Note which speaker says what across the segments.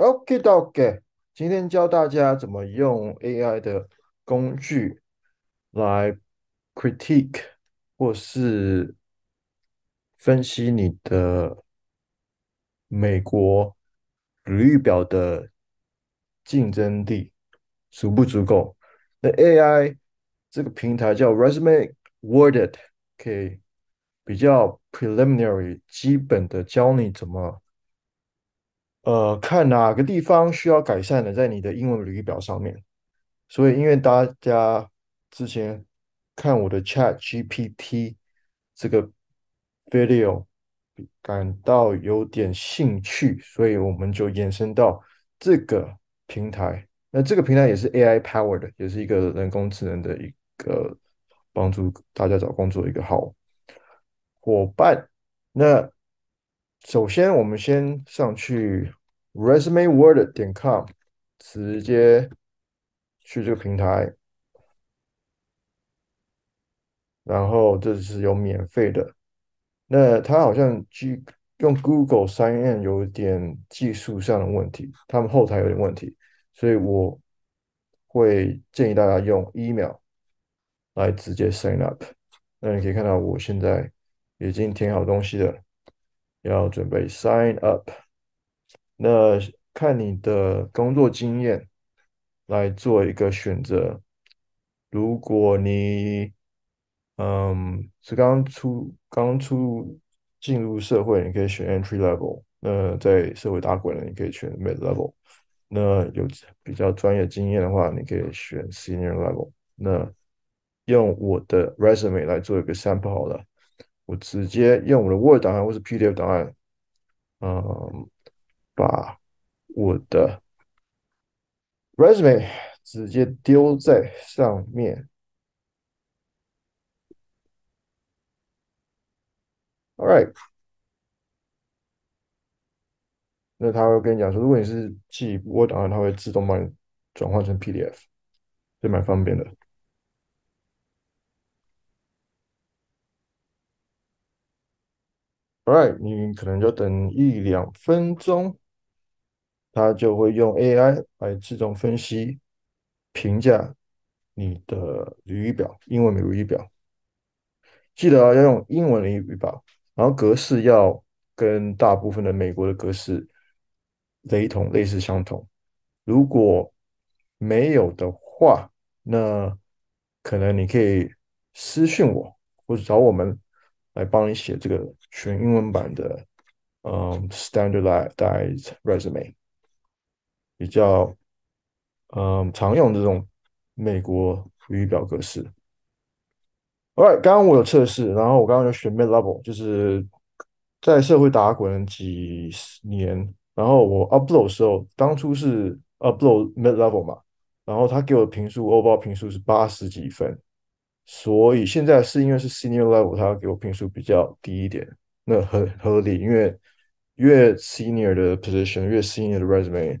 Speaker 1: OK，OK，今天教大家怎麼用 AI 的工具來 critique 或是分析你的美國履歷表的競爭力足不足夠？那 AI 這個平台叫 Resume Worded，可以比較 preliminary 基本的教你怎麼。呃，看哪個地方需要改善的，在你的英文履歷表上面。所以，因為大家之前看我的 ChatGPT 這個 video 感到有點興趣，所以我們就延伸到這個平台。那這個平台也是 AI powered，也是一個人工智能的一個幫助大家找工作一個好夥伴。那首先，我們先上去。ResumeWord 點 com，直接去這個平台，然後這是有免費的。那它好像用 Google sign in 有點技術上的問題，他們後台有點問題，所以我會建議大家用 email 來直接 sign up。那你可以看到，我現在已經填好東西了，要準備 sign up。那看你的工作經驗來做一個選擇。如果你嗯是剛出剛出進入社會，你可以選 entry level。那在社會打滾了，你可以選 mid level。那有比較專業經驗的話，你可以選 senior level。那用我的 resume 來做一個 sample 好了。我直接用我的 word 檔案或是 PDF 檔案，嗯。為什麼直接丟在上面。Alright，那他會跟你講說，如果你是 Word 檔案，它會自動幫你轉換成 PDF，就蠻方便的。Alright，你可能就等一兩分鐘。他就會用 AI 來自動分析、評價你的履歷表（英文美國履歷表）。記得啊，要用英文履歷表，然後格式要跟大部分的美國的格式雷同、類似、相同。如果沒有的話，那可能你可以私訊我，或者找我們來幫你寫這個全英文版的，嗯，standardized resume。比較，嗯，常用這種美國履歷表格式。Alright，剛剛我有測試，然後我剛剛就選 Mid Level，就是在社會打滾幾十年，然後我 Upload 的時候，當初是 Upload Mid Level 嘛，然後他給我的評數，Overall 評數是八十幾分，所以現在是因為是 Senior Level，他給我評數比較低一點，那很合理，因為越 Senior 的 Position，越 Senior 的 Resume。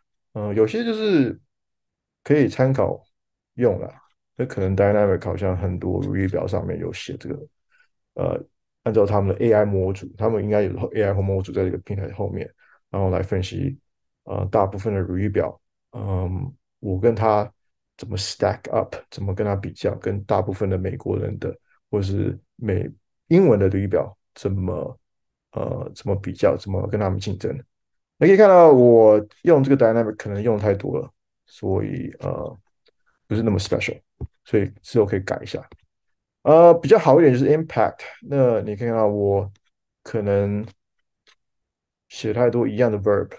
Speaker 1: 嗯，有些就是可以參考用啦，那可能 Dynamic 好像很多履歷表上面有寫這個，呃，按照他們的 AI 模組，他們應該有 AI 和模組在這個平台後面，然後來分析，呃，大部分的履歷表，嗯，我跟他怎麼 stack up，怎麼跟他比較，跟大部分的美國人的或是美英文的履歷表怎麼，呃，怎麼比較，怎麼跟他們競爭？你可以看到我用這個 dynamic 可能用太多了，所以呃不是那麼 special，所以之後可以改一下。呃，比較好一點就是 impact。那你可以看到我可能寫太多一樣的 verb。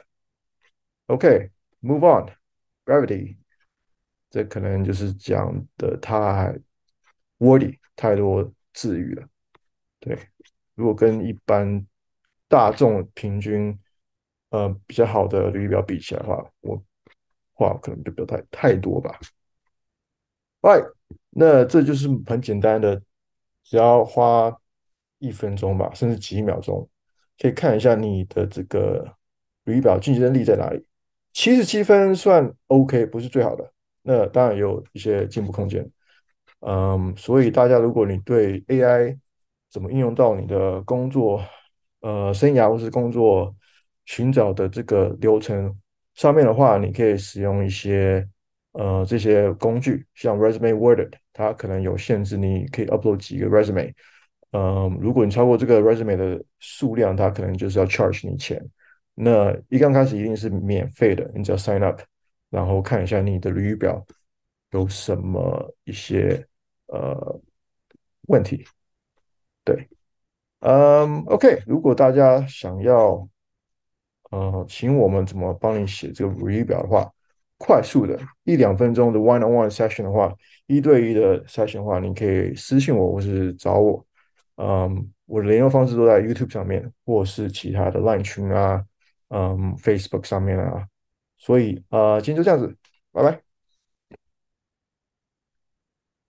Speaker 1: OK，move on，gravity。這可能就是講的太 wordy 太多字語了。對，如果跟一般大眾平均。呃，比較好的履歷表比起來的話，我話可能就不要太太多吧。哎、right，那這就是很簡單的，只要花一分鐘吧，甚至幾秒鐘，可以看一下你的這個履歷表競爭力在哪裡。七十七分算 OK，不是最好的，那當然也有一些進步空間，嗯。嗯，所以大家如果你對 AI 怎麼應用到你的工作、呃，生涯，或是工作，尋找的這個流程上面的話，你可以使用一些呃這些工具，像 Resume Worded，它可能有限制，你可以 upload 幾個 resume。嗯，如果你超過這個 resume 的數量，它可能就是要 charge 你錢。那一剛開始一定是免費的，你只要 sign up，然後看一下你的履歷表有什麼一些呃問題。對，嗯，um，OK，如果大家想要。呃，請我們怎麼幫你寫這個履歷表的話，快速的，一兩分鐘的 one on one session 的話，一對一的 session 的話，你可以私信我，或是找我，嗯、呃，我的聯絡方式都在 YouTube 上面，或是其他的 LINE 群啊，嗯、呃，Facebook 上面啊，所以呃，今天就這樣子，拜拜。